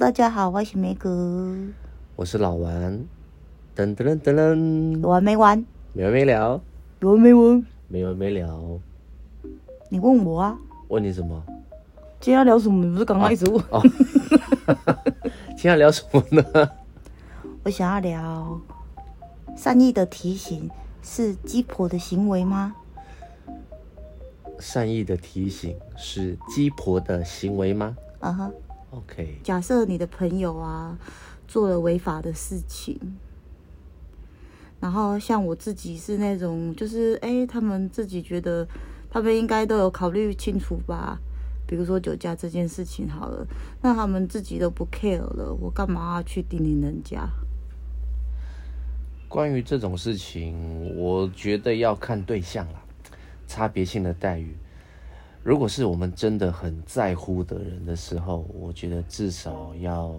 大家好，我是梅格，我是老王。等等等等，有完沒完，沒完沒了，沒完沒了，沒完沒了。沒沒聊，你問我啊？問你什麼？今天要聊什麼？你不是剛剛一直問？今天要聊什麼呢？我想要聊善意的提醒是雞婆的行為嗎？善意的提醒是雞婆的行為嗎？啊哈、uh。Huh. OK，假設你的朋友啊做了違法的事情，然後像我自己是那種，就是誒、欸，他們自己覺得他們應該都有考慮清楚吧。比如說酒駕這件事情好了，那他們自己都不 care 了，我幹嘛要去叮嚀人家？關於這種事情，我覺得要看對象啦，差別性的待遇。如果是我們真的很在乎的人的時候，我覺得至少要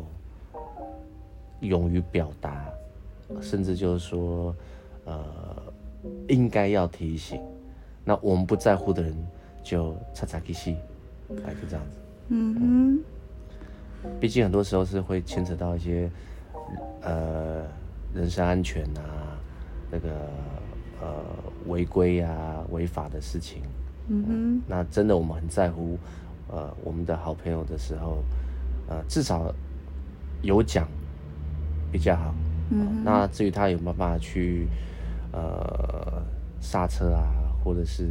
勇於表達，甚至就是說，呃，應該要提醒。那我們不在乎的人就叉叉去死，來，就這樣子。嗯哼。畢竟很多時候是會牽扯到一些呃人身安全啊，那個呃違規啊、違法的事情。嗯哼，那真的我們很在乎，呃，我們的好朋友的時候，呃，至少有講比較好。嗯，哼嗯，那至於他有沒有辦法去，呃，剎車啊，或者是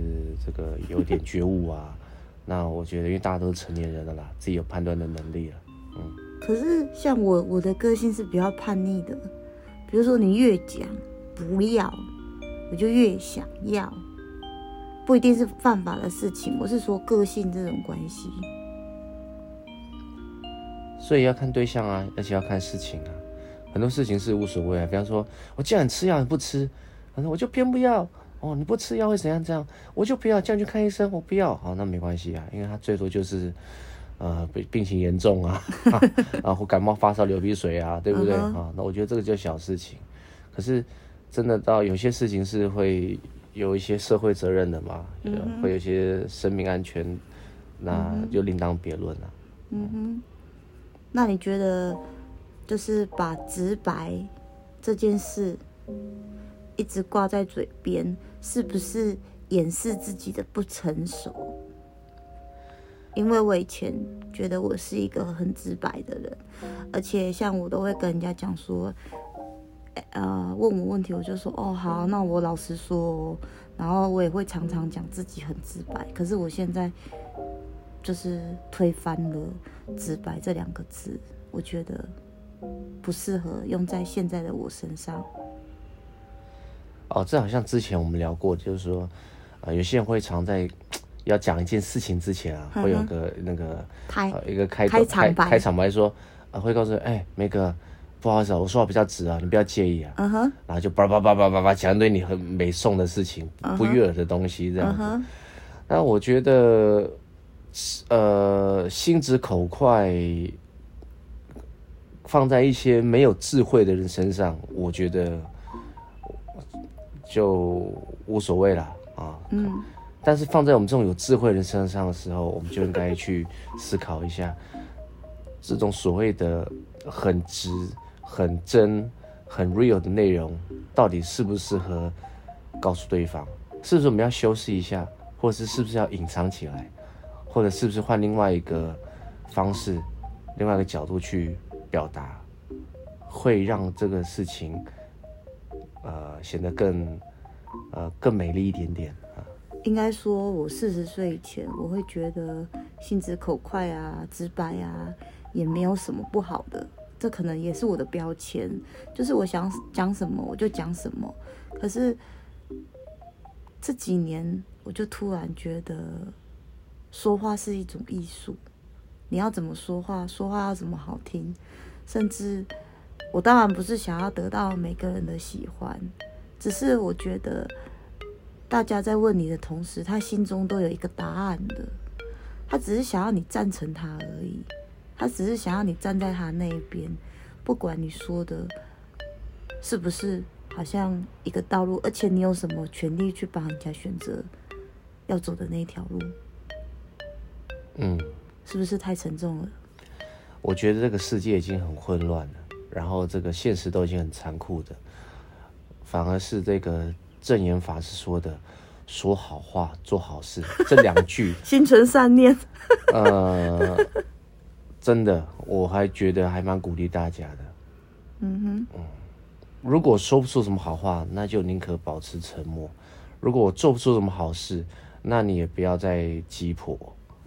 這個有點覺悟啊， 那我覺得因為大家都是成年人了啦，自己有判斷的能力了。嗯，可是像我，我的個性是比較叛逆的，比如說你越講不要，我就越想要。不一定是犯法的事情，我是說個性這種關係，所以要看對象啊，而且要看事情啊，很多事情是無所謂啊。比方說，我叫你吃藥你不吃，反正我就偏不要哦。你不吃藥會怎樣？這樣我就不要叫你去看醫生，我不要，好，那沒關係啊，因為他最多就是呃病病情嚴重啊， 然後感冒發燒流鼻水啊，對不對啊？uh huh. 哦？那我覺得這個就是小事情，可是真的到有些事情是會。有一些社會責任的嘛，嗯、哼會有一些生命安全，嗯、哼那就另當別論了。嗯哼，那你覺得，就是把直白這件事一直掛在嘴邊，是不是掩飾自己的不成熟？因為我以前覺得我是一個很直白的人，而且像我都會跟人家講說。呃，問我問題，我就說哦，好，那我老實說。然後我也會常常講自己很直白，可是我現在就是推翻了“直白”這兩個字，我覺得不適合用在現在的我身上。哦，這好像之前我們聊過，就是說，啊、呃，有些人會常在要講一件事情之前啊，嗯、哼會有個那個開、呃、一個開場白、開場白說、呃、會告訴我哎那個。不好意思，啊，我說話比較直啊，你不要介意啊。Uh huh. 然後就叭叭叭叭叭叭講對你很沒送的事情、uh huh. 不悅耳的東西這樣、uh huh. 那我覺得，呃，心直口快放在一些沒有智慧的人身上，我覺得就無所謂了啊。Uh huh. 但是放在我們這種有智慧人身上的時候，我們就應該去思考一下，這種所謂的很直。很真、很 real 的內容，到底適不適合告訴對方？是不是我們要修飾一下，或者是是不是要隱藏起來，或者是不是換另外一個方式、另外一個角度去表達，會讓這個事情呃顯得更呃更美麗一點點啊？應該說，我四十歲以前，我會覺得心直口快啊、直白啊，也沒有什麼不好的。這可能也是我的標籤，就是我想講什麼我就講什麼。可是這幾年，我就突然覺得說話是一種藝術，你要怎麼說話，說話要怎麼好聽。甚至我當然不是想要得到每個人的喜歡，只是我覺得大家在問你的同時，他心中都有一個答案的，他只是想要你贊成他而已。他只是想要你站在他那一邊，不管你說的，是不是好像一個道路，而且你有什麼權利去幫人家選擇要走的那一條路？嗯，是不是太沉重了？我覺得這個世界已經很混亂了，然後這個現實都已經很殘酷的，反而是這個證嚴法師說的“說好話，做好事”這兩句，心存 善念。呃。 真的，我還覺得還蠻鼓勵大家的。Mm hmm. 嗯哼，如果說不出什麼好話，那就寧可保持沉默；如果我做不出什麼好事，那你也不要再擊破。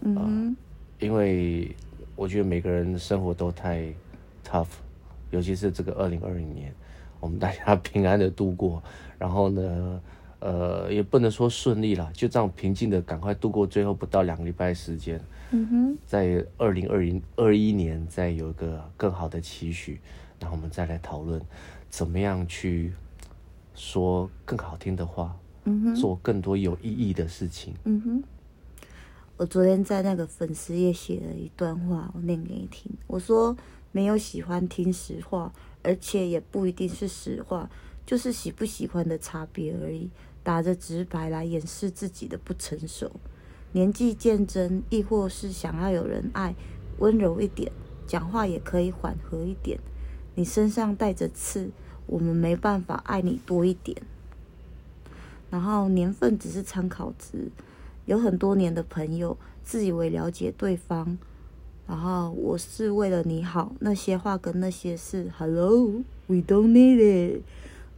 嗯、呃 mm hmm. 因為我覺得每個人生活都太 tough，尤其是這個二零二零年，我們大家平安的度過。然後呢？呃，也不能說順利了，就這樣平靜的趕快度過最後不到兩個禮拜時間。嗯哼，在二零二零二一年再有一個更好的期許，那我們再來討論，怎麼樣去說更好聽的話，嗯哼，做更多有意義的事情。嗯哼，我昨天在那個粉絲頁寫了一段話，我念給你聽。我說沒有喜歡聽實話，而且也不一定是實話，就是喜不喜歡的差別而已。打着直白來掩飾自己的不成熟，年紀漸增，亦或是想要有人愛，溫柔一點，講話也可以緩和一點。你身上帶着刺，我們沒辦法愛你多一點。然後年份只是參考值，有很多年的朋友自以為了解對方，然後我是為了你好，那些話跟那些事，Hello，We don't need it。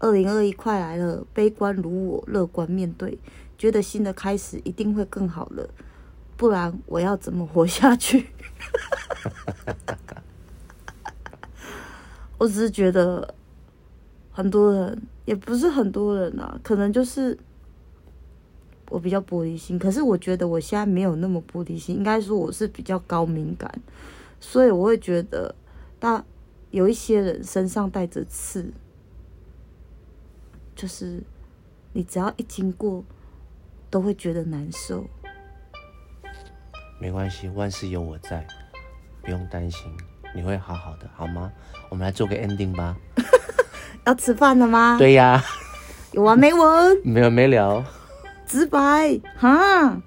二零二一快來了，悲觀如我，樂觀面對，覺得新的開始一定會更好了。不然我要怎麼活下去？ 我只是覺得很多人也不是很多人啊，可能就是我比較玻璃心。可是我覺得我現在沒有那麼玻璃心，應該說我是比較高敏感，所以我會覺得，但有一些人身上帶着刺。就是你只要一經過，都會覺得難受。沒關係，萬事有我在，不用擔心，你會好好的，好嗎？我們來做個 ending 吧。 要吃飯了嗎？對呀。有完沒完？ 沒完沒了！直白。哈。啊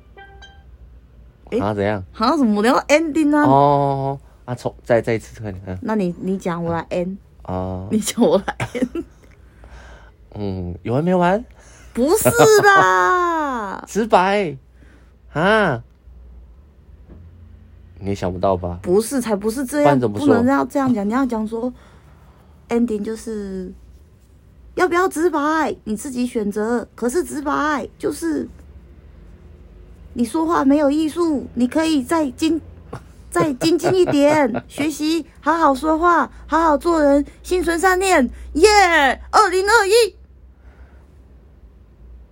哈，欸、怎樣？哈？怎麼聊 ending 啊？哦，oh, oh, oh, oh, 啊，重再再一次快點。嗯、那你你講，我來 end。哦。Oh. 你講我來 end。Oh. 嗯，有完沒完？不是的， 直白啊！哈，你也想不到吧？不是，才不是這樣，怎麼不說？不能要這樣講。你要講說 ending 就是要不要直白，你自己選擇。可是直白就是你說話沒有藝術，你可以再精再精進一點， 學習好好說話，好好做人，心存善念。耶，二零二一。